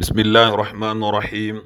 بسم الله الرحمن الرحيم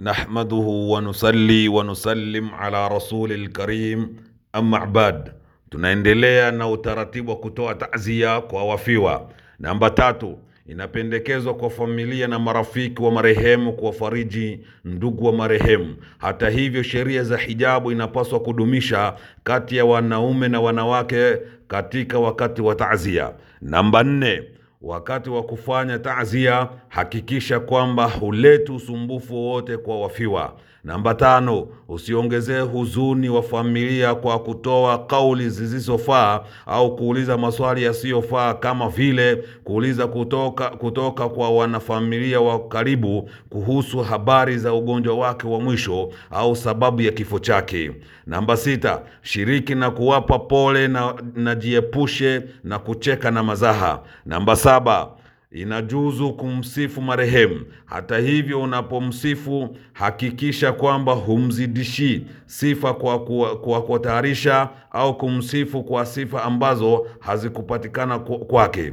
نحمده ونصلي ونسلم ala rasuli lkarim amma bad. Tunaendelea na utaratibu wa kutoa ta'ziya kwa wafiwa. Namba tatu, inapendekezwa kwa familia na marafiki wa marehemu kuwafariji ndugu wa marehemu. Hata hivyo, sheria za hijabu inapaswa kudumisha kati ya wanaume na wanawake katika wakati wa ta'ziya. Namba nne Wakati wa kufanya taazia, hakikisha kwamba huleti usumbufu wowote kwa wafiwa. Namba tano, usiongezee huzuni wa familia kwa kutoa kauli zisizofaa au kuuliza maswali yasiyofaa, kama vile kuuliza kutoka, kutoka kwa wanafamilia wa karibu kuhusu habari za ugonjwa wake wa mwisho au sababu ya kifo chake. Namba sita, shiriki na kuwapa pole na, na jiepushe na kucheka na mazaha. Namba saba inajuzu kumsifu marehemu. Hata hivyo, unapomsifu hakikisha kwamba humzidishi sifa kwa kuwatayarisha au kumsifu kwa sifa ambazo hazikupatikana kwake.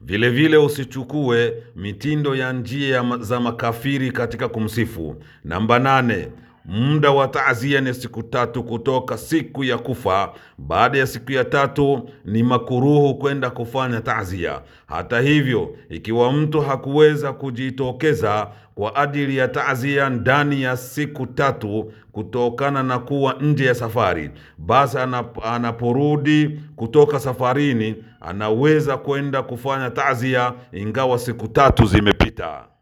Vilevile usichukue mitindo ya njia za makafiri katika kumsifu. Namba nane. Muda wa taazia ni siku tatu kutoka siku ya kufa. Baada ya siku ya tatu ni makuruhu kwenda kufanya taazia. Hata hivyo, ikiwa mtu hakuweza kujitokeza kwa ajili ya taazia ndani ya siku tatu kutokana na kuwa nje ya safari, basi anaporudi kutoka safarini anaweza kwenda kufanya taazia ingawa siku tatu zimepita.